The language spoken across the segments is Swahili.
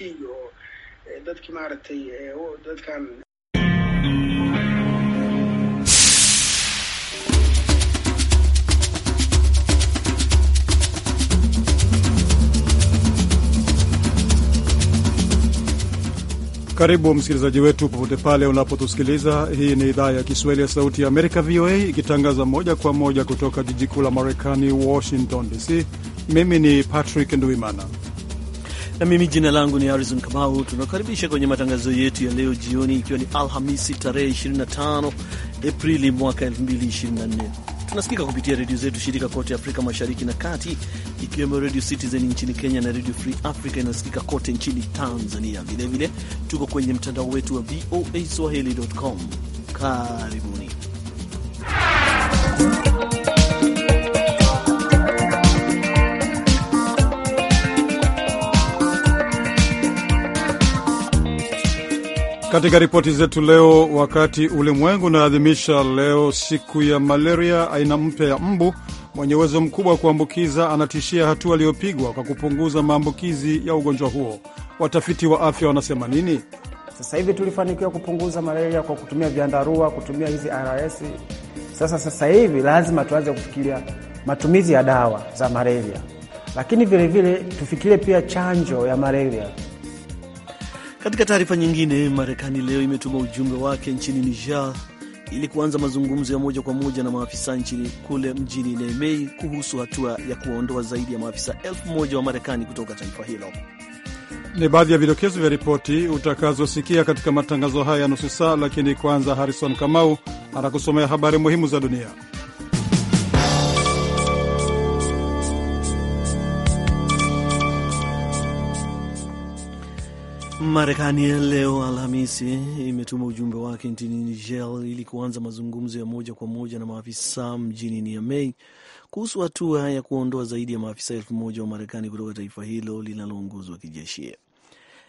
amnesty iyo eh, dadkii maaragtay eh, dadkan Karibu msikilizaji wetu popote pale unapotusikiliza. Hii ni idhaa ya Kiswahili ya Sauti ya Amerika, VOA, ikitangaza moja kwa moja kutoka jiji kuu la Marekani, Washington DC. Mimi ni Patrick nduimana na mimi jina langu ni Harrison Kamau. Tunakaribisha kwenye matangazo yetu ya leo jioni, ikiwa ni Alhamisi tarehe 25 Aprili mwaka 2024. Tunasikika kupitia redio zetu shirika kote Afrika Mashariki na Kati, ikiwemo Radio Citizen nchini Kenya na Radio Free Africa inayosikika kote nchini Tanzania. Vilevile tuko kwenye mtandao wetu wa VOA swahili.com. Karibuni Katika ripoti zetu leo, wakati ulimwengu unaadhimisha leo siku ya malaria, aina mpya ya mbu mwenye uwezo mkubwa wa kuambukiza anatishia hatua aliyopigwa kwa kupunguza maambukizi ya ugonjwa huo. Watafiti wa afya wanasema nini? Sasa hivi tulifanikiwa kupunguza malaria kwa kutumia vyandarua, kutumia hizi RS. Sasa sasa hivi lazima tuanze kufikiria matumizi ya dawa za malaria, lakini vilevile tufikirie pia chanjo ya malaria. Katika taarifa nyingine, Marekani leo imetuma ujumbe wake nchini Niger ili kuanza mazungumzo ya moja kwa moja na maafisa nchini kule mjini Niamey kuhusu hatua ya kuwaondoa zaidi ya maafisa elfu moja wa Marekani kutoka taifa hilo. Ni baadhi ya vidokezo vya ripoti utakazosikia katika matangazo haya ya nusu saa, lakini kwanza, Harrison Kamau anakusomea habari muhimu za dunia. Marekani leo Alhamisi imetuma ujumbe wake nchini Niger ili kuanza mazungumzo ya moja kwa moja na maafisa mjini Niamey kuhusu hatua ya kuondoa zaidi ya maafisa elfu moja wa Marekani kutoka taifa hilo linaloongozwa kijeshi.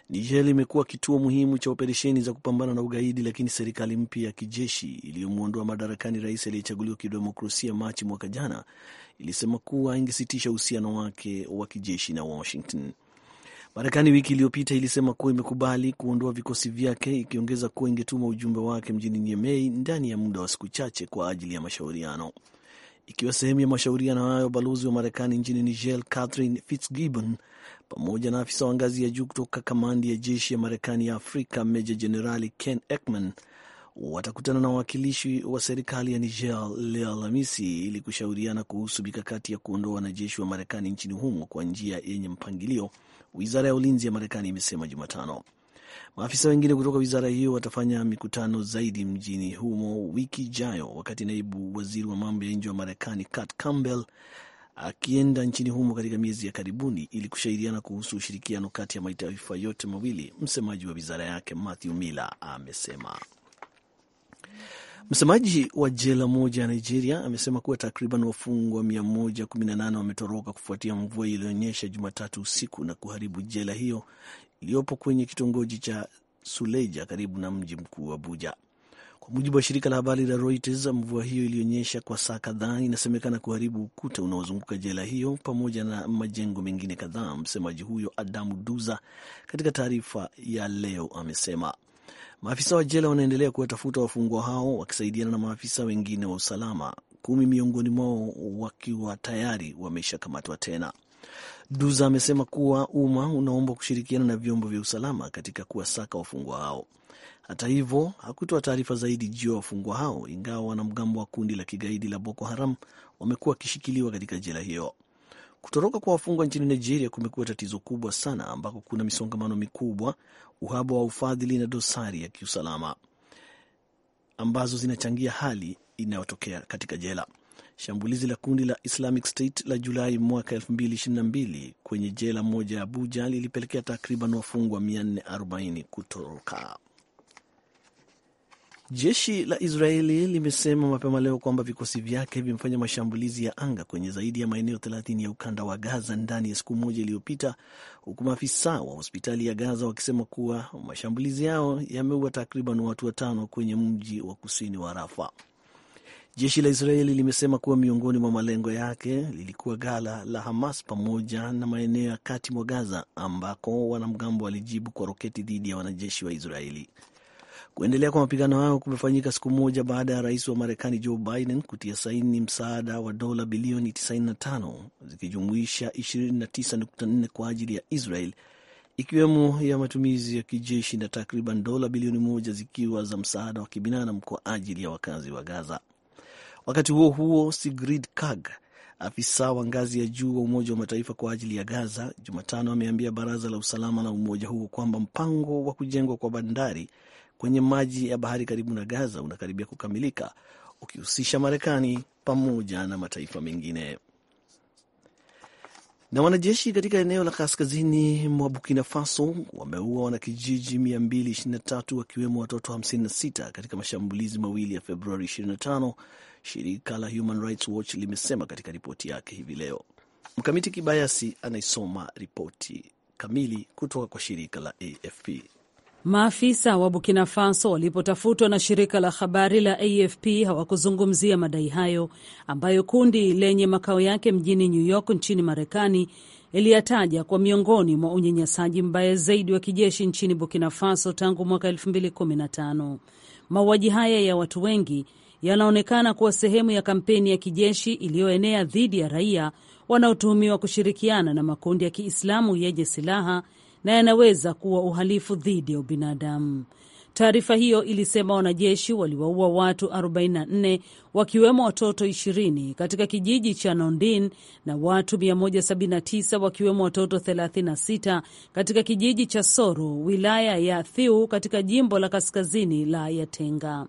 Niger imekuwa kituo muhimu cha operesheni za kupambana na ugaidi, lakini serikali mpya ya kijeshi iliyomwondoa madarakani rais aliyechaguliwa kidemokrasia Machi mwaka jana ilisema kuwa ingesitisha uhusiano wake wa kijeshi na Washington. Marekani wiki iliyopita ilisema kuwa imekubali kuondoa vikosi vyake, ikiongeza kuwa ingetuma ujumbe wake mjini Niemei ndani ya muda wa siku chache kwa ajili ya mashauriano. Ikiwa sehemu ya mashauriano hayo, balozi wa Marekani nchini Niger Catherine Fitzgibbon pamoja na afisa wa ngazi ya juu kutoka kamandi ya jeshi ya Marekani ya Afrika Meja Jenerali Ken Ekman watakutana na wawakilishi wa serikali ya Niger leo Alhamisi ili kushauriana kuhusu mikakati ya kuondoa wanajeshi wa Marekani nchini humo kwa njia yenye mpangilio, wizara ya ulinzi ya Marekani imesema Jumatano. Maafisa wengine kutoka wizara hiyo watafanya mikutano zaidi mjini humo wiki ijayo, wakati naibu waziri wa mambo ya nje wa Marekani Kurt Campbell akienda nchini humo katika miezi ya karibuni ili kushairiana kuhusu ushirikiano kati ya mataifa yote mawili. Msemaji wa wizara yake Matthew Miller amesema. Msemaji wa jela moja ya Nigeria amesema kuwa takriban wafungwa 118 wametoroka kufuatia mvua iliyoonyesha Jumatatu usiku na kuharibu jela hiyo iliyopo kwenye kitongoji cha Suleja karibu na mji mkuu Abuja. Kwa mujibu wa shirika la habari la Reuters, mvua hiyo ilionyesha kwa saa kadhaa inasemekana kuharibu ukuta unaozunguka jela hiyo pamoja na majengo mengine kadhaa. Msemaji huyo Adamu Duza katika taarifa ya leo amesema Maafisa wa jela wanaendelea kuwatafuta wafungwa hao wakisaidiana na maafisa wengine wa usalama, kumi miongoni mwao wakiwa tayari wameshakamatwa tena. Duza amesema kuwa umma unaomba kushirikiana na vyombo vya usalama katika kuwasaka wafungwa hao. Hata hivyo hakutoa taarifa zaidi juu ya wafungwa hao, ingawa wanamgambo wa kundi la kigaidi la Boko Haram wamekuwa wakishikiliwa katika jela hiyo. Kutoroka kwa wafungwa nchini Nigeria kumekuwa tatizo kubwa sana, ambako kuna misongamano mikubwa, uhaba wa ufadhili na dosari ya kiusalama ambazo zinachangia hali inayotokea katika jela. Shambulizi la kundi la Islamic State la Julai mwaka 2022 kwenye jela moja ya Abuja lilipelekea takriban wafungwa 440 kutoroka. Jeshi la Israeli limesema mapema leo kwamba vikosi vyake vimefanya mashambulizi ya anga kwenye zaidi ya maeneo 30 ya ukanda wa Gaza ndani ya siku moja iliyopita, huku maafisa wa hospitali ya Gaza wakisema kuwa mashambulizi yao yameua takriban watu watano kwenye mji wa kusini wa Rafa. Jeshi la Israeli limesema kuwa miongoni mwa malengo yake lilikuwa ghala la Hamas pamoja na maeneo ya kati mwa Gaza ambako wanamgambo walijibu kwa roketi dhidi ya wanajeshi wa Israeli. Kuendelea kwa mapigano hayo kumefanyika siku moja baada ya rais wa Marekani Joe Biden kutia saini msaada wa dola bilioni 95 zikijumuisha 29.4 kwa ajili ya Israel ikiwemo ya matumizi ya kijeshi na takriban dola bilioni moja zikiwa za msaada wa kibinadamu kwa ajili ya wakazi wa Gaza. Wakati huo huo, Sigrid Kaag, afisa wa ngazi ya juu wa Umoja wa Mataifa kwa ajili ya Gaza, Jumatano ameambia baraza la usalama la umoja huo kwamba mpango wa kujengwa kwa bandari kwenye maji ya bahari karibu na Gaza unakaribia kukamilika ukihusisha Marekani pamoja na mataifa mengine. Na wanajeshi katika eneo la kaskazini mwa Burkina Faso wameua wanakijiji 223 wakiwemo watoto 56 katika mashambulizi mawili ya Februari 25, shirika la Human Rights Watch limesema katika ripoti yake hivi leo. Mkamiti Kibayasi anaisoma ripoti kamili kutoka kwa shirika la AFP. Maafisa wa Burkina Faso walipotafutwa na shirika la habari la AFP hawakuzungumzia madai hayo ambayo kundi lenye makao yake mjini New York nchini Marekani iliyataja kwa miongoni mwa unyanyasaji mbaya zaidi wa kijeshi nchini Burkina Faso tangu mwaka 2015. Mauaji haya ya watu wengi yanaonekana kuwa sehemu ya kampeni ya kijeshi iliyoenea dhidi ya raia wanaotuhumiwa kushirikiana na makundi ya Kiislamu yenye silaha na yanaweza kuwa uhalifu dhidi ya ubinadamu. Taarifa hiyo ilisema wanajeshi waliwaua watu 44 wakiwemo watoto 20 katika kijiji cha Nondin na watu 179 wakiwemo watoto 36 katika kijiji cha soro wilaya ya Thiu katika jimbo la kaskazini la Yatenga.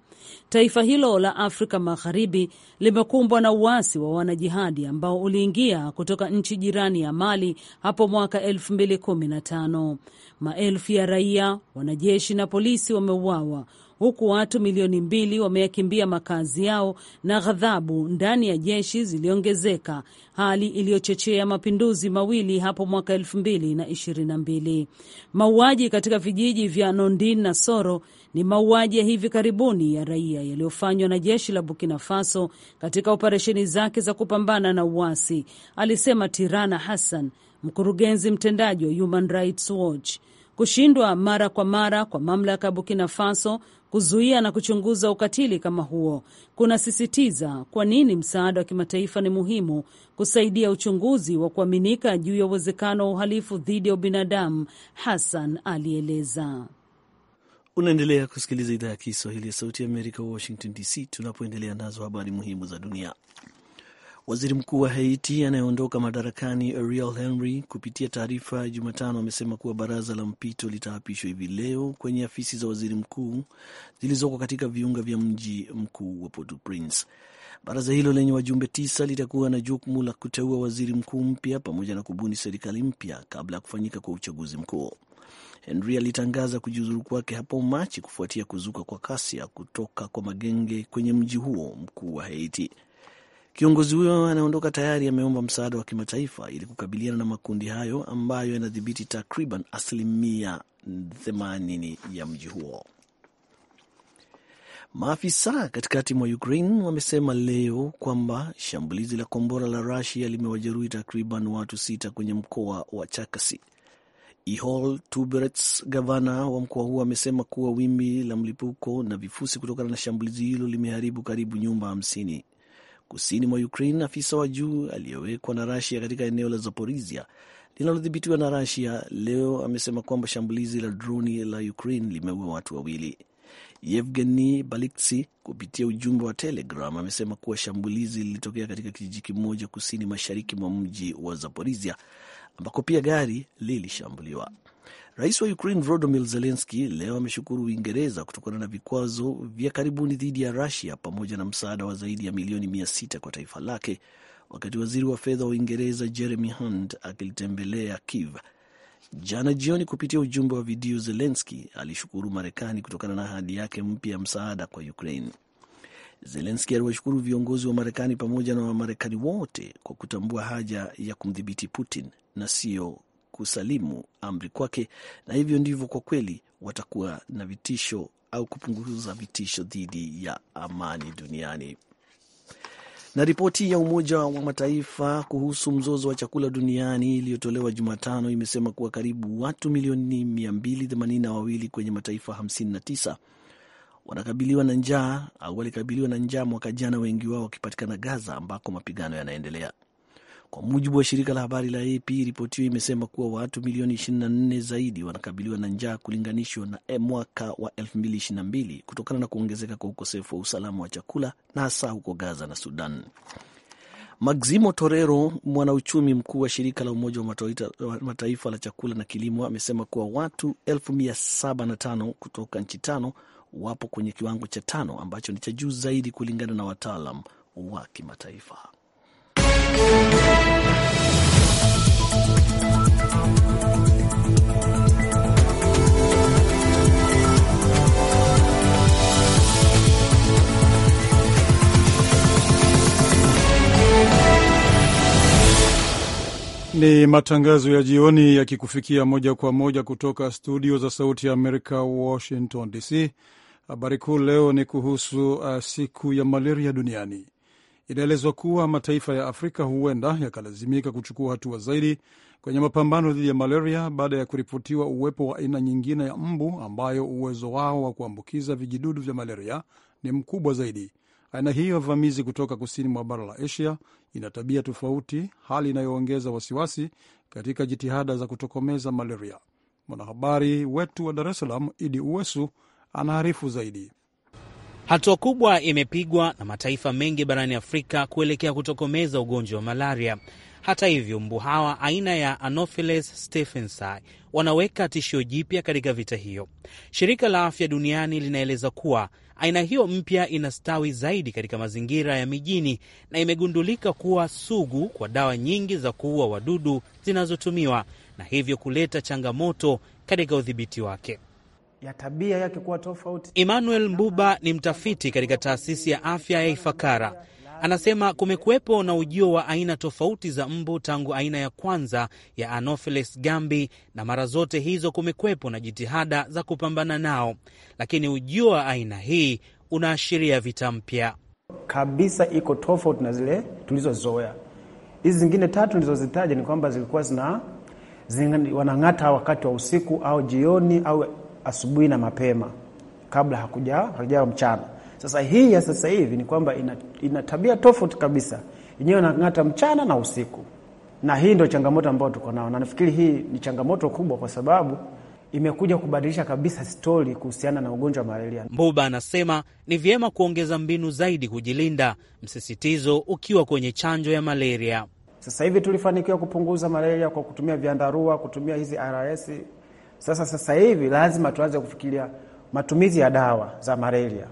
Taifa hilo la Afrika Magharibi limekumbwa na uasi wa wanajihadi ambao uliingia kutoka nchi jirani ya Mali hapo mwaka 2015. Maelfu ya raia, wanajeshi na polisi wameuawa huku watu milioni mbili wameyakimbia makazi yao na ghadhabu ndani ya jeshi ziliongezeka, hali iliyochochea mapinduzi mawili hapo mwaka elfu mbili na ishirini na mbili. Mauaji katika vijiji vya Nondin na Soro ni mauaji ya hivi karibuni ya raia yaliyofanywa na jeshi la Burkina Faso katika operesheni zake za kupambana na uasi, alisema Tirana Hassan, mkurugenzi mtendaji wa Human Rights Watch kushindwa mara kwa mara kwa mamlaka ya Burkina Faso kuzuia na kuchunguza ukatili kama huo kunasisitiza kwa nini msaada wa kimataifa ni muhimu kusaidia uchunguzi wa kuaminika juu ya uwezekano wa uhalifu dhidi ya ubinadamu, Hassan alieleza. Unaendelea kusikiliza idhaa ya Kiswahili ya Sauti ya Amerika, Washington DC, tunapoendelea nazo habari muhimu za dunia. Waziri mkuu wa Haiti anayeondoka madarakani Ariel Henry, kupitia taarifa Jumatano, amesema kuwa baraza la mpito litaapishwa hivi leo kwenye afisi za waziri mkuu zilizoko katika viunga vya mji mkuu wa Port-au-Prince. Baraza hilo lenye wajumbe tisa litakuwa na jukumu la kuteua waziri mkuu mpya pamoja na kubuni serikali mpya kabla ya kufanyika kwa uchaguzi mkuu. Henry alitangaza kujiuzuru kwake hapo Machi kufuatia kuzuka kwa kasia kutoka kwa magenge kwenye mji huo mkuu wa Haiti. Kiongozi huyo anaondoka tayari ameomba msaada wa kimataifa ili kukabiliana na makundi hayo ambayo yanadhibiti takriban asilimia 80 ya mji huo. Maafisa katikati mwa Ukraine wamesema leo kwamba shambulizi la kombora la Rusia limewajeruhi takriban watu sita kwenye mkoa wa Chakasi. Ihol Tuberets, gavana wa mkoa huo, amesema kuwa wimbi la mlipuko na vifusi kutokana na shambulizi hilo limeharibu karibu nyumba hamsini kusini mwa Ukraine, afisa wa juu aliyewekwa na Rasia katika eneo la zaporisia linalodhibitiwa na Rasia leo amesema kwamba shambulizi la droni la Ukraine limeua watu wawili. Yevgeni Baliksi kupitia ujumbe wa Telegram amesema kuwa shambulizi lilitokea katika kijiji kimoja kusini mashariki mwa mji wa zaporisia ambako pia gari lilishambuliwa. Rais wa Ukraine Volodymyr Zelensky leo ameshukuru Uingereza kutokana na vikwazo vya karibuni dhidi ya rasia pamoja na msaada wa zaidi ya milioni mia sita kwa taifa lake, wakati waziri wa fedha wa Uingereza Jeremy Hunt akilitembelea Kiev jana jioni. Kupitia ujumbe wa video, Zelensky alishukuru Marekani kutokana na ahadi yake mpya ya msaada kwa Ukraine. Zelenski aliwashukuru viongozi wa Marekani pamoja na Wamarekani wote kwa kutambua haja ya kumdhibiti Putin na sio kusalimu amri kwake, na hivyo ndivyo kwa kweli watakuwa na vitisho au kupunguza vitisho dhidi ya amani duniani. Na ripoti ya Umoja wa Mataifa kuhusu mzozo wa chakula duniani iliyotolewa Jumatano imesema kuwa karibu watu milioni wawili kwenye mataifa 59 wanakabiliwa na njaa au walikabiliwa na njaa mwaka jana, wengi wao wakipatikana Gaza ambako mapigano yanaendelea. Kwa mujibu wa shirika la habari la AP, ripoti hiyo imesema kuwa watu milioni 24 zaidi wanakabiliwa na njaa kulinganishwa na e, mwaka wa 2022 kutokana na kuongezeka kwa ukosefu wa usalama wa chakula na hasa huko Gaza na Sudan. Maximo Torero, mwanauchumi mkuu wa shirika la Umoja wa Mataifa la chakula na kilimo, amesema kuwa watu 75 kutoka nchi tano wapo kwenye kiwango cha tano ambacho ni cha juu zaidi kulingana na wataalam wa kimataifa. Ni matangazo ya jioni yakikufikia moja kwa moja kutoka studio za Sauti ya Amerika, Washington DC. Habari kuu leo ni kuhusu uh, siku ya malaria duniani. Inaelezwa kuwa mataifa ya Afrika huenda yakalazimika kuchukua hatua zaidi kwenye mapambano dhidi ya malaria baada ya kuripotiwa uwepo wa aina nyingine ya mbu ambayo uwezo wao wa kuambukiza vijidudu vya malaria ni mkubwa zaidi. Aina hiyo ya vamizi kutoka kusini mwa bara la Asia ina tabia tofauti, hali inayoongeza wasiwasi katika jitihada za kutokomeza malaria. Mwanahabari wetu wa Dar es Salaam, Idi Uwesu, anaarifu zaidi. Hatua kubwa imepigwa na mataifa mengi barani Afrika kuelekea kutokomeza ugonjwa wa malaria. Hata hivyo, mbu hawa aina ya Anopheles stephensi wanaweka tishio jipya katika vita hiyo. Shirika la Afya Duniani linaeleza kuwa aina hiyo mpya inastawi zaidi katika mazingira ya mijini na imegundulika kuwa sugu kwa dawa nyingi za kuua wadudu zinazotumiwa na hivyo kuleta changamoto katika udhibiti wake ya tabia yake kuwa tofauti. Emmanuel Mbuba ni mtafiti katika taasisi ya afya ya Ifakara. Anasema kumekuwepo na ujio wa aina tofauti za mbu tangu aina ya kwanza ya Anopheles gambi, na mara zote hizo kumekuwepo na jitihada za kupambana nao, lakini ujio wa aina hii unaashiria vita mpya kabisa. Iko tofauti na zile tulizozoea. Hizi zingine tatu nilizozitaja ni kwamba zilikuwa zina wanang'ata wakati wa usiku au jioni au asubuhi na mapema kabla hakuja hakuja mchana sasa hii ya sasa hivi ni kwamba ina, ina tabia tofauti kabisa, yenyewe inang'ata mchana na usiku, na hii ndio changamoto ambayo tuko nao, na nafikiri hii ni changamoto kubwa kwa sababu imekuja kubadilisha kabisa stori kuhusiana na ugonjwa wa malaria. Mbuba anasema ni vyema kuongeza mbinu zaidi kujilinda, msisitizo ukiwa kwenye chanjo ya malaria. Sasa hivi tulifanikiwa kupunguza malaria kwa kutumia vyandarua, kutumia hizi RS. Sasa sasa hivi lazima tuanze kufikiria matumizi ya dawa za malaria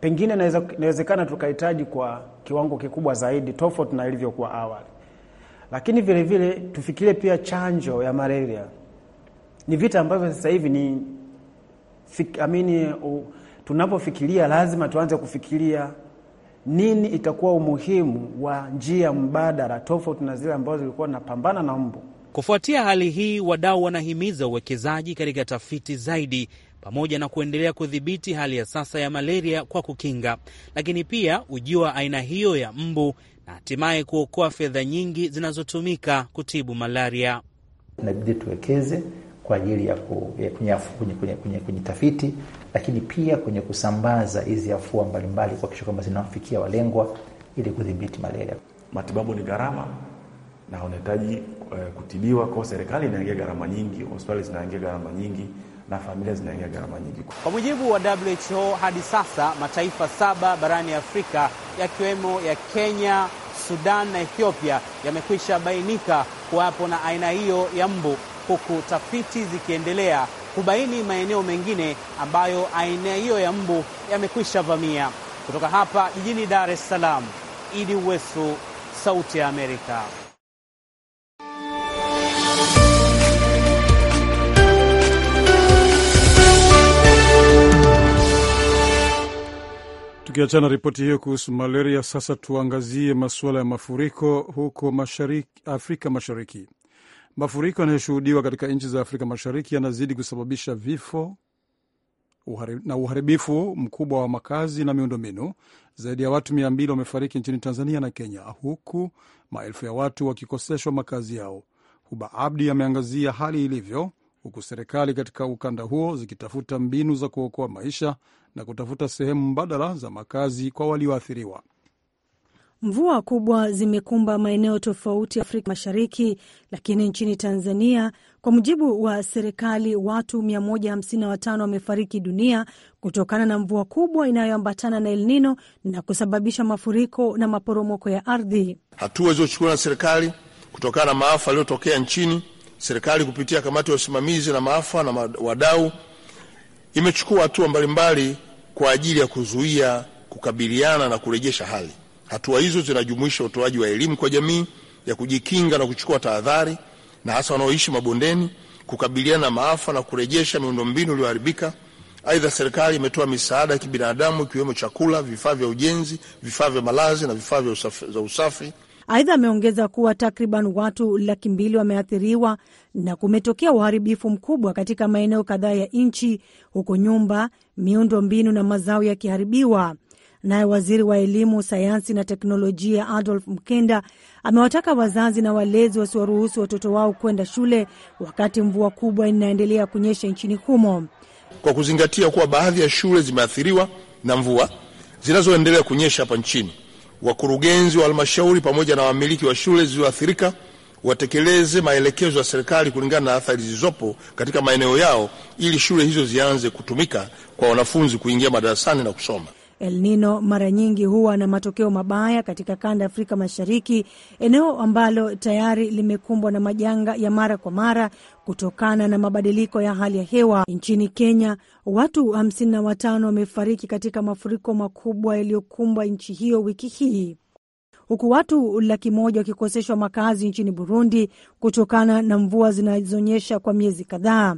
pengine inawezekana tukahitaji kwa kiwango kikubwa zaidi tofauti na ilivyokuwa awali. Lakini vile vile tufikirie pia chanjo ya malaria. Ni vita ambavyo sasa hivi ni fik, amini, tunapofikiria lazima tuanze kufikiria nini itakuwa umuhimu wa njia mbadala tofauti na zile ambazo zilikuwa napambana na mbu. Kufuatia hali hii, wadau wanahimiza uwekezaji katika tafiti zaidi pamoja na kuendelea kudhibiti hali ya sasa ya malaria kwa kukinga, lakini pia ujio wa aina hiyo ya mbu na hatimaye kuokoa fedha nyingi zinazotumika kutibu malaria. Inabidi tuwekeze kwa ajili ya kwenye tafiti, lakini pia kwenye kusambaza hizi afua mbalimbali, kuhakikisha kwamba zinawafikia walengwa ili kudhibiti malaria. Matibabu ni gharama na unahitaji eh, kutibiwa, kwa serikali inaingia gharama nyingi, hospitali zinaingia gharama nyingi na familia zinaingia gharama nyingi. Kwa mujibu wa WHO, hadi sasa mataifa saba barani Afrika yakiwemo ya Kenya, Sudan na Ethiopia yamekwisha bainika kuwapo na aina hiyo ya mbu, huku tafiti zikiendelea kubaini maeneo mengine ambayo aina hiyo ya mbu yamekwisha vamia. Kutoka hapa jijini Dar es Salaam, Idi Wesu, Sauti ya Amerika. Tukiachana ripoti hiyo kuhusu malaria, sasa tuangazie masuala ya mafuriko huko mashariki, Afrika Mashariki. Mafuriko yanayoshuhudiwa katika nchi za Afrika Mashariki yanazidi kusababisha vifo na uharibifu mkubwa wa makazi na miundombinu. Zaidi ya watu mia mbili wamefariki nchini Tanzania na Kenya, huku maelfu ya watu wakikoseshwa makazi yao. Huba Abdi ameangazia hali ilivyo huku serikali katika ukanda huo zikitafuta mbinu za kuokoa maisha na kutafuta sehemu mbadala za makazi kwa walioathiriwa. Mvua kubwa zimekumba maeneo tofauti ya Afrika Mashariki, lakini nchini Tanzania, kwa mujibu wa serikali, watu 155 wamefariki dunia kutokana na mvua kubwa inayoambatana na El Nino na kusababisha mafuriko na maporomoko ya ardhi. Hatua zilizochukuliwa na serikali kutokana na maafa yaliyotokea nchini Serikali kupitia kamati ya usimamizi na maafa na wadau imechukua hatua mbalimbali kwa ajili ya kuzuia, kukabiliana na kurejesha hali. Hatua hizo zinajumuisha utoaji wa elimu kwa jamii ya kujikinga na kuchukua tahadhari, na hasa wanaoishi mabondeni, kukabiliana na maafa na kurejesha miundombinu iliyoharibika. Aidha, serikali imetoa misaada ya kibinadamu ikiwemo chakula, vifaa vya ujenzi, vifaa vya malazi na vifaa vya usafi. Aidha, ameongeza kuwa takriban watu laki mbili wameathiriwa na kumetokea uharibifu mkubwa katika maeneo kadhaa ya nchi, huku nyumba, miundo mbinu na mazao yakiharibiwa. Naye waziri wa elimu, sayansi na teknolojia Adolf Mkenda amewataka wazazi na walezi wasiwaruhusu watoto wao kwenda shule wakati mvua kubwa inaendelea kunyesha nchini humo, kwa kuzingatia kuwa baadhi ya shule zimeathiriwa na mvua zinazoendelea kunyesha hapa nchini wakurugenzi wa halmashauri pamoja na wamiliki wa shule zilizoathirika watekeleze maelekezo ya serikali kulingana na athari zilizopo katika maeneo yao ili shule hizo zianze kutumika kwa wanafunzi kuingia madarasani na kusoma. El Nino mara nyingi huwa na matokeo mabaya katika kanda ya Afrika Mashariki, eneo ambalo tayari limekumbwa na majanga ya mara kwa mara kutokana na mabadiliko ya hali ya hewa. Nchini Kenya, watu 55 wamefariki katika mafuriko makubwa yaliyokumbwa nchi hiyo wiki hii huku watu laki moja wakikoseshwa makazi nchini Burundi kutokana na mvua zinazonyesha kwa miezi kadhaa.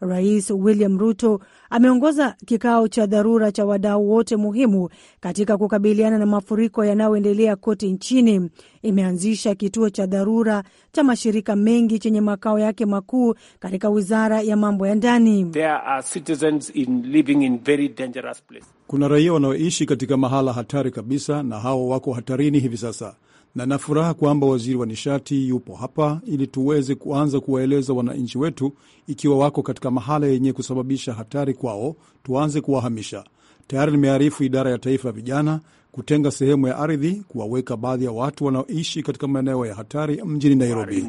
Rais William Ruto ameongoza kikao cha dharura cha wadau wote muhimu katika kukabiliana na mafuriko yanayoendelea kote nchini. Imeanzisha kituo cha dharura cha mashirika mengi chenye makao yake makuu katika wizara ya mambo ya ndani. There are citizens in living in very dangerous place. Kuna raia wanaoishi katika mahala hatari kabisa, na hao wako hatarini hivi sasa na nafuraha kwamba waziri wa nishati yupo hapa ili tuweze kuanza kuwaeleza wananchi wetu, ikiwa wako katika mahala yenye kusababisha hatari kwao, tuanze kuwahamisha. Tayari nimearifu idara ya taifa ya vijana kutenga sehemu ya ardhi kuwaweka baadhi ya watu wanaoishi katika maeneo ya hatari mjini Nairobi.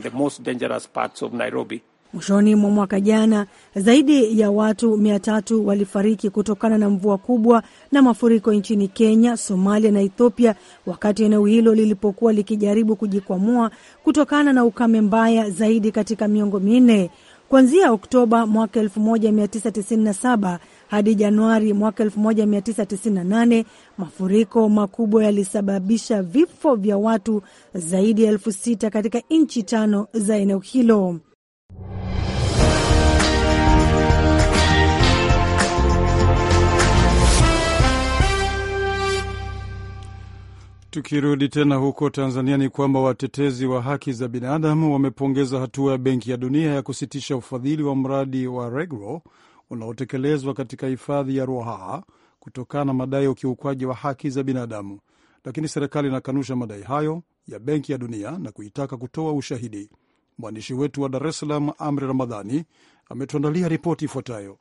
Mwishoni mwa mwaka jana, zaidi ya watu mia tatu walifariki kutokana na mvua kubwa na mafuriko nchini Kenya, Somalia na Ethiopia, wakati eneo hilo lilipokuwa likijaribu kujikwamua kutokana na ukame mbaya zaidi katika miongo minne. Kuanzia Oktoba mwaka 1997 hadi Januari mwaka 1998 mafuriko makubwa yalisababisha vifo vya watu zaidi ya elfu sita katika nchi tano za eneo hilo. Tukirudi tena huko Tanzania, ni kwamba watetezi wa haki za binadamu wamepongeza hatua ya Benki ya Dunia ya kusitisha ufadhili wa mradi wa Regro unaotekelezwa katika hifadhi ya Ruaha kutokana na madai ya ukiukwaji wa haki za binadamu, lakini serikali inakanusha madai hayo ya Benki ya Dunia na kuitaka kutoa ushahidi. Mwandishi wetu wa Dar es Salaam, Amri Ramadhani, ametuandalia ripoti ifuatayo.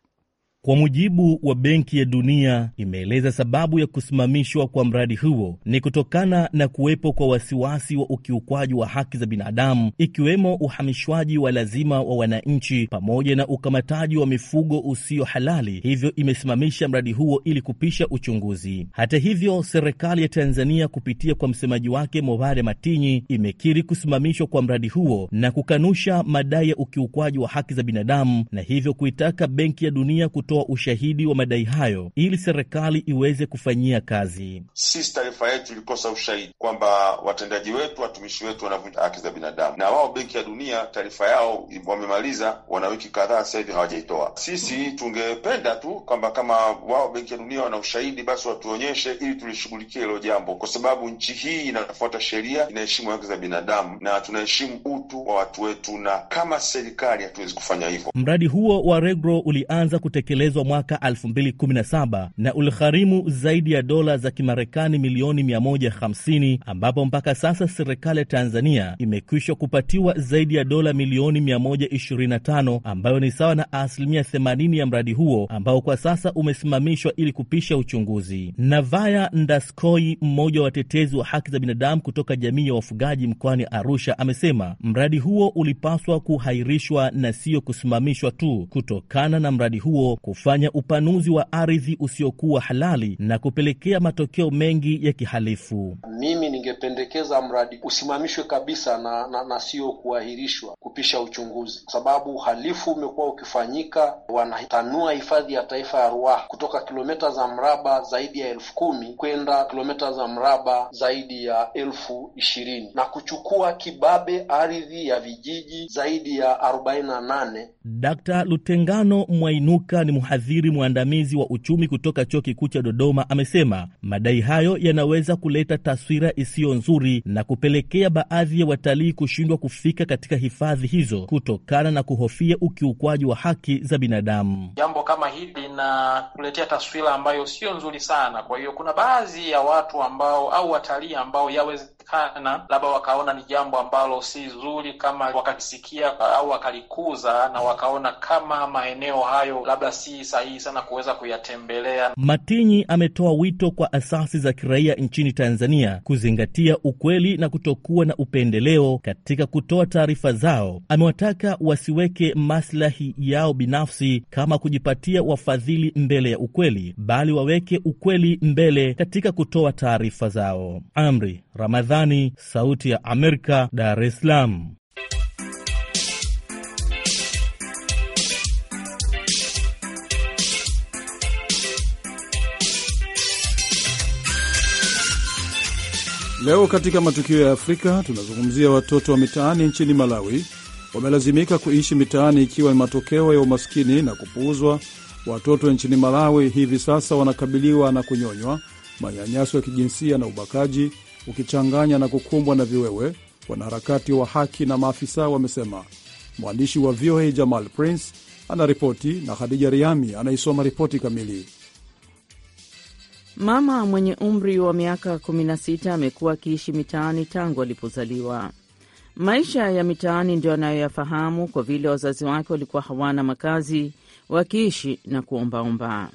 Kwa mujibu wa Benki ya Dunia, imeeleza sababu ya kusimamishwa kwa mradi huo ni kutokana na kuwepo kwa wasiwasi wa ukiukwaji wa haki za binadamu, ikiwemo uhamishwaji wa lazima wa wananchi pamoja na ukamataji wa mifugo usio halali, hivyo imesimamisha mradi huo ili kupisha uchunguzi. Hata hivyo, serikali ya Tanzania kupitia kwa msemaji wake Movare Matinyi imekiri kusimamishwa kwa mradi huo na kukanusha madai ya ukiukwaji wa haki za binadamu na hivyo kuitaka Benki ya Dunia kutoa ushahidi wa madai hayo ili serikali iweze kufanyia kazi. Sisi taarifa yetu ilikosa ushahidi kwamba watendaji wetu, watumishi wetu wanavunja haki za binadamu, na wao Benki ya Dunia taarifa yao wamemaliza, wana wiki kadhaa sasa hivi hawajaitoa. Sisi tungependa tu kwamba kama wao Benki ya Dunia wana ushahidi, basi watuonyeshe ili tulishughulikia hilo jambo, kwa sababu nchi hii inafuata sheria, inaheshimu haki za binadamu na tunaheshimu utu wa watu wetu, na kama serikali hatuwezi kufanya hivyo. Mradi huo wa Regro ulianza kutekelezwa kutekelezwa mwaka 2017 na uligharimu zaidi ya dola za Kimarekani milioni 150, ambapo mpaka sasa serikali ya Tanzania imekwisha kupatiwa zaidi ya dola milioni 125, ambayo ni sawa na asilimia 80 ya mradi huo ambao kwa sasa umesimamishwa ili kupisha uchunguzi. Navaya Ndaskoi, mmoja wa watetezi wa haki za binadamu kutoka jamii ya wafugaji mkoani Arusha, amesema mradi huo ulipaswa kuhairishwa na siyo kusimamishwa tu, kutokana na mradi huo kufanya upanuzi wa ardhi usiokuwa halali na kupelekea matokeo mengi ya kihalifu. Mimi ningependekeza mradi usimamishwe kabisa na, na, na sio kuahirishwa kupisha uchunguzi, kwa sababu uhalifu umekuwa ukifanyika. Wanatanua hifadhi ya taifa ya Ruaha kutoka kilomita za mraba zaidi ya elfu kumi kwenda kilomita za mraba zaidi ya elfu ishirini na kuchukua kibabe ardhi ya vijiji zaidi ya arobaini na nane. Dkt. Lutengano Mwainuka ni mhadhiri mwandamizi wa uchumi kutoka Chuo Kikuu cha Dodoma, amesema madai hayo yanaweza kuleta taswira isiyo nzuri na kupelekea baadhi ya watalii kushindwa kufika katika hifadhi hizo kutokana na kuhofia ukiukwaji wa haki za binadamu. Jambo kama hili linakuletea taswira ambayo siyo nzuri sana. Kwa hiyo kuna baadhi ya watu ambao au watalii ambao yaweze kana labda wakaona ni jambo ambalo si zuri, kama wakalisikia au wakalikuza na wakaona kama maeneo hayo labda si sahihi sana kuweza kuyatembelea. Matinyi ametoa wito kwa asasi za kiraia nchini Tanzania kuzingatia ukweli na kutokuwa na upendeleo katika kutoa taarifa zao. Amewataka wasiweke maslahi yao binafsi kama kujipatia wafadhili mbele ya ukweli, bali waweke ukweli mbele katika kutoa taarifa zao. Amri Ramadhani, Sauti ya Amerika, Dar es Salaam. Leo katika matukio ya Afrika tunazungumzia watoto wa mitaani nchini Malawi wamelazimika kuishi mitaani ikiwa ni matokeo ya umaskini na kupuuzwa. Watoto nchini Malawi hivi sasa wanakabiliwa na kunyonywa, manyanyaso ya kijinsia na ubakaji, ukichanganya na kukumbwa na viwewe, wanaharakati wa haki na maafisa wamesema. Mwandishi wa VOA Jamal Prince anaripoti na Khadija Riami anaisoma ripoti kamili. Mama mwenye umri wa miaka 16 amekuwa akiishi mitaani tangu alipozaliwa. Maisha ya mitaani ndio anayoyafahamu kwa vile wazazi wake walikuwa hawana makazi, wakiishi na kuombaomba.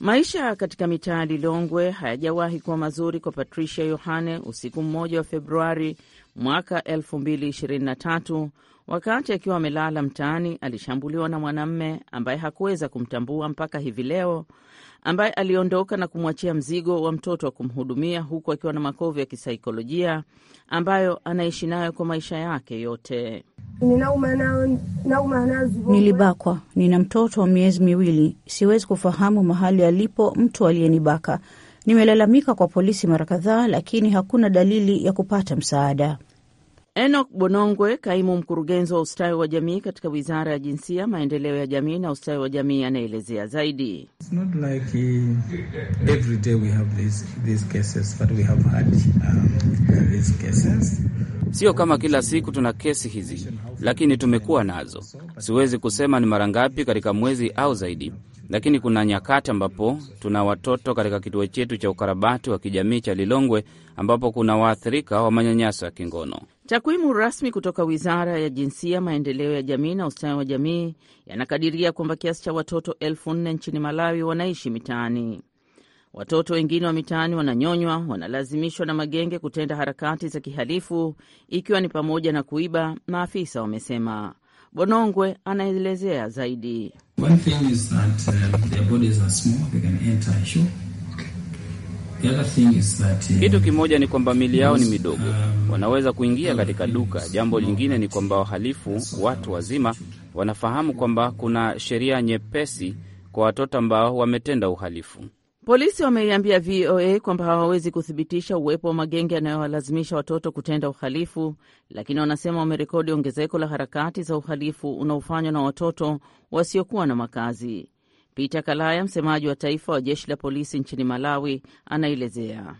Maisha katika mitaa Lilongwe hayajawahi kuwa mazuri kwa Patricia Yohane usiku mmoja wa Februari mwaka 2023 wakati akiwa amelala mtaani alishambuliwa na mwanamme ambaye hakuweza kumtambua mpaka hivi leo, ambaye aliondoka na kumwachia mzigo wa mtoto wa kumhudumia huku akiwa na makovu ya kisaikolojia ambayo anaishi nayo kwa maisha yake yote. Nilibakwa, nina mtoto wa miezi miwili, siwezi kufahamu mahali alipo mtu aliyenibaka. Nimelalamika kwa polisi mara kadhaa, lakini hakuna dalili ya kupata msaada. Enoch Bonongwe, kaimu mkurugenzi wa ustawi wa jamii katika wizara ya jinsia, maendeleo ya jamii na ustawi wa jamii, anaelezea zaidi. Um, Sio kama kila siku tuna kesi hizi, lakini tumekuwa nazo. Siwezi kusema ni mara ngapi katika mwezi au zaidi, lakini kuna nyakati ambapo tuna watoto katika kituo chetu cha ukarabati wa kijamii cha Lilongwe, ambapo kuna waathirika wa manyanyaso ya kingono. Takwimu rasmi kutoka Wizara ya Jinsia, Maendeleo ya Jamii na Ustawi wa Jamii yanakadiria kwamba kiasi cha watoto elfu nne nchini Malawi wanaishi mitaani. Watoto wengine wa mitaani wananyonywa, wanalazimishwa na magenge kutenda harakati za kihalifu, ikiwa ni pamoja na kuiba, maafisa wamesema. Bonongwe anaelezea zaidi. One thing is that, uh, Uh, Kitu kimoja ni kwamba mili yao ni midogo, um, wanaweza kuingia uh, katika duka. Jambo lingine ni kwamba wahalifu, watu wazima, wanafahamu kwamba kuna sheria nyepesi kwa watoto ambao wametenda uhalifu. Polisi wameiambia VOA kwamba hawawezi kuthibitisha uwepo wa magenge yanayowalazimisha watoto kutenda uhalifu, lakini wanasema wamerekodi ongezeko la harakati za uhalifu unaofanywa na watoto wasiokuwa na makazi. Peter Kalaya, msemaji wa taifa wa jeshi la polisi nchini Malawi, anaelezea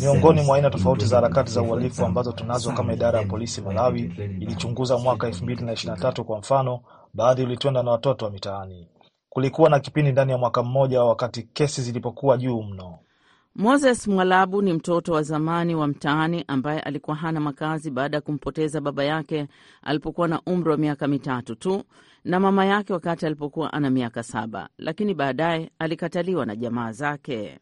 miongoni mwa aina tofauti za harakati za uhalifu ambazo tunazo kama idara ya polisi Malawi ilichunguza mwaka 2023 kwa mfano, baadhi ulitwenda na watoto wa mitaani. Kulikuwa na kipindi ndani ya mwaka mmoja wakati kesi zilipokuwa juu mno. Moses Mwalabu ni mtoto wa zamani wa mtaani ambaye alikuwa hana makazi baada ya kumpoteza baba yake alipokuwa na umri wa miaka mitatu tu na mama yake wakati alipokuwa ana miaka saba, lakini baadaye alikataliwa na jamaa zake.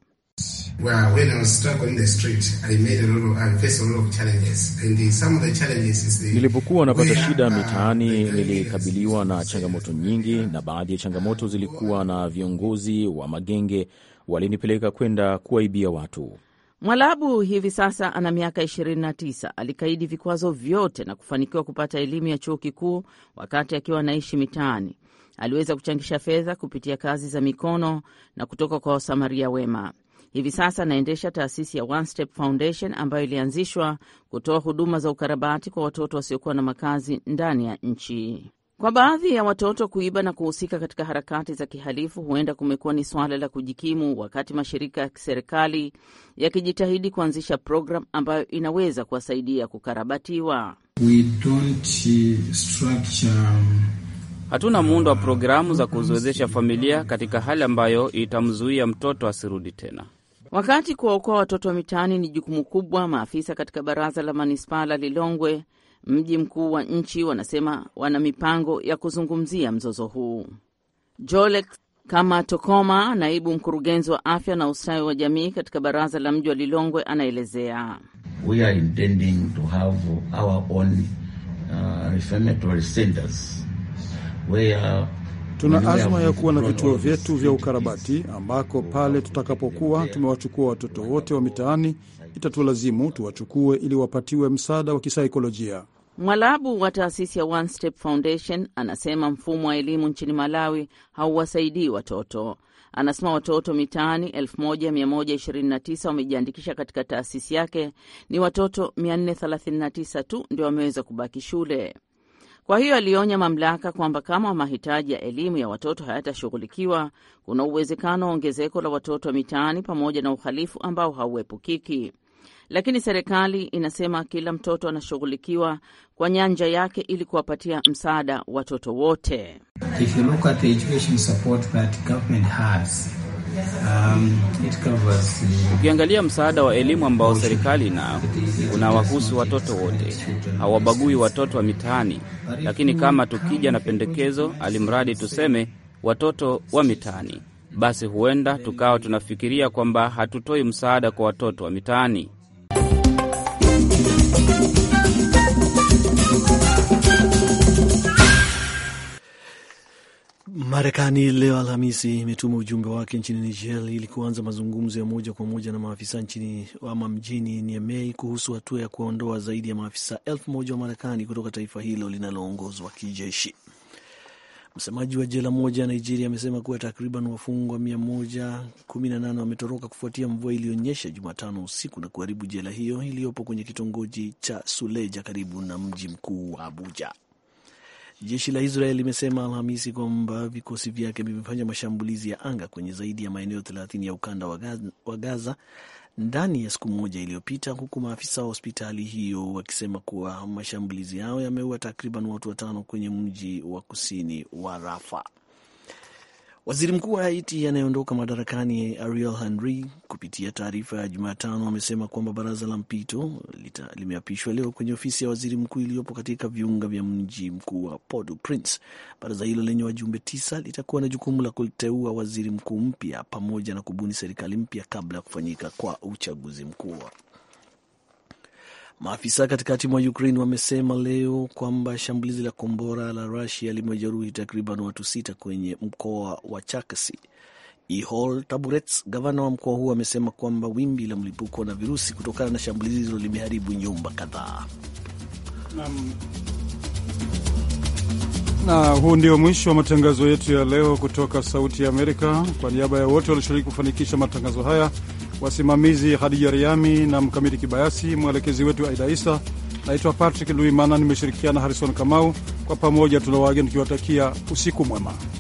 nilipokuwa napata shida uh, mitaani, nilikabiliwa na changamoto nyingi, na baadhi ya changamoto zilikuwa na viongozi wa magenge walinipeleka kwenda kuwaibia watu. Mwalabu hivi sasa ana miaka 29. Alikaidi vikwazo vyote na kufanikiwa kupata elimu ya chuo kikuu wakati akiwa anaishi mitaani. Aliweza kuchangisha fedha kupitia kazi za mikono na kutoka kwa wasamaria wema. Hivi sasa anaendesha taasisi ya One Step Foundation ambayo ilianzishwa kutoa huduma za ukarabati kwa watoto wasiokuwa na makazi ndani ya nchi. Kwa baadhi ya watoto kuiba na kuhusika katika harakati za kihalifu huenda kumekuwa ni swala la kujikimu, wakati mashirika ya kiserikali yakijitahidi kuanzisha programu ambayo inaweza kuwasaidia kukarabatiwa. We don't um, Hatuna muundo wa programu za kuziwezesha familia katika hali ambayo itamzuia mtoto asirudi tena. Wakati kuwaokoa watoto wa mitaani ni jukumu kubwa, maafisa katika baraza la manispaa la Lilongwe mji mkuu wa nchi wanasema wana mipango ya kuzungumzia mzozo huu. Jolek kama Tokoma, naibu mkurugenzi wa afya na ustawi wa jamii katika baraza la mji wa Lilongwe, anaelezea uh, Tuna azma ya kuwa na vituo vyetu vya ukarabati ambako pale tutakapokuwa tumewachukua watoto wote wa mitaani itatulazimu tuwachukue ili wapatiwe msaada wa kisaikolojia. Mwalabu wa taasisi ya One Step Foundation anasema mfumo wa elimu nchini Malawi hauwasaidii watoto. Anasema watoto mitaani 1129 wamejiandikisha katika taasisi yake, ni watoto 439 tu ndio wameweza kubaki shule. Kwa hiyo alionya mamlaka kwamba kama mahitaji ya elimu ya watoto hayatashughulikiwa, kuna uwezekano wa ongezeko la watoto wa mitaani pamoja na uhalifu ambao hauepukiki lakini serikali inasema kila mtoto anashughulikiwa kwa nyanja yake ili kuwapatia msaada watoto wote. Ukiangalia um, msaada wa elimu ambao serikali inao unawahusu watoto wote, hawabagui watoto wa mitaani. Lakini kama tukija na pendekezo, alimradi tuseme watoto wa mitaani, basi huenda tukawa tunafikiria kwamba hatutoi msaada kwa watoto wa mitaani. Marekani leo Alhamisi imetuma ujumbe wake nchini Niger ili kuanza mazungumzo ya moja kwa moja na maafisa nchini ama mjini Niamey kuhusu hatua ya kuondoa zaidi ya maafisa elfu moja wa Marekani kutoka taifa hilo linaloongozwa kijeshi. Msemaji wa jela moja ya Nigeria amesema kuwa takriban wafungwa 118 wametoroka kufuatia mvua iliyonyesha Jumatano usiku na kuharibu jela hiyo iliyopo kwenye kitongoji cha Suleja karibu na mji mkuu wa Abuja. Jeshi la Israel limesema Alhamisi kwamba vikosi vyake vimefanya mashambulizi ya anga kwenye zaidi ya maeneo 30 ya ukanda wa Gaza, wa Gaza ndani ya siku moja iliyopita, huku maafisa wa hospitali hiyo wakisema kuwa mashambulizi yao yameua takriban watu watano kwenye mji wa kusini wa Rafa. Waziri mkuu wa Haiti anayeondoka madarakani Ariel Henry, kupitia taarifa ya Jumatano, amesema kwamba baraza la mpito limeapishwa leo kwenye ofisi ya waziri mkuu iliyopo katika viunga vya mji mkuu wa Port-au-Prince. Baraza hilo lenye wajumbe tisa litakuwa na jukumu la kuteua waziri mkuu mpya pamoja na kubuni serikali mpya kabla ya kufanyika kwa uchaguzi mkuu. Maafisa katikati mwa Ukraine wamesema leo kwamba shambulizi la kombora la Rusia limejeruhi takriban watu sita kwenye mkoa wa Chakasi. Ihol Taburets, gavana wa mkoa huo, amesema kwamba wimbi la mlipuko na virusi kutokana na shambulizi hilo limeharibu nyumba kadhaa. Na huu ndio mwisho wa matangazo yetu ya leo kutoka Sauti ya Amerika. Kwa niaba ya wote walioshiriki kufanikisha matangazo haya wasimamizi Hadija Riami na Mkamiti Kibayasi, mwelekezi wetu Aida Isa. Naitwa Patrick Luimana, nimeshirikiana Harrison Kamau. Kwa pamoja tunawaage tukiwatakia usiku mwema.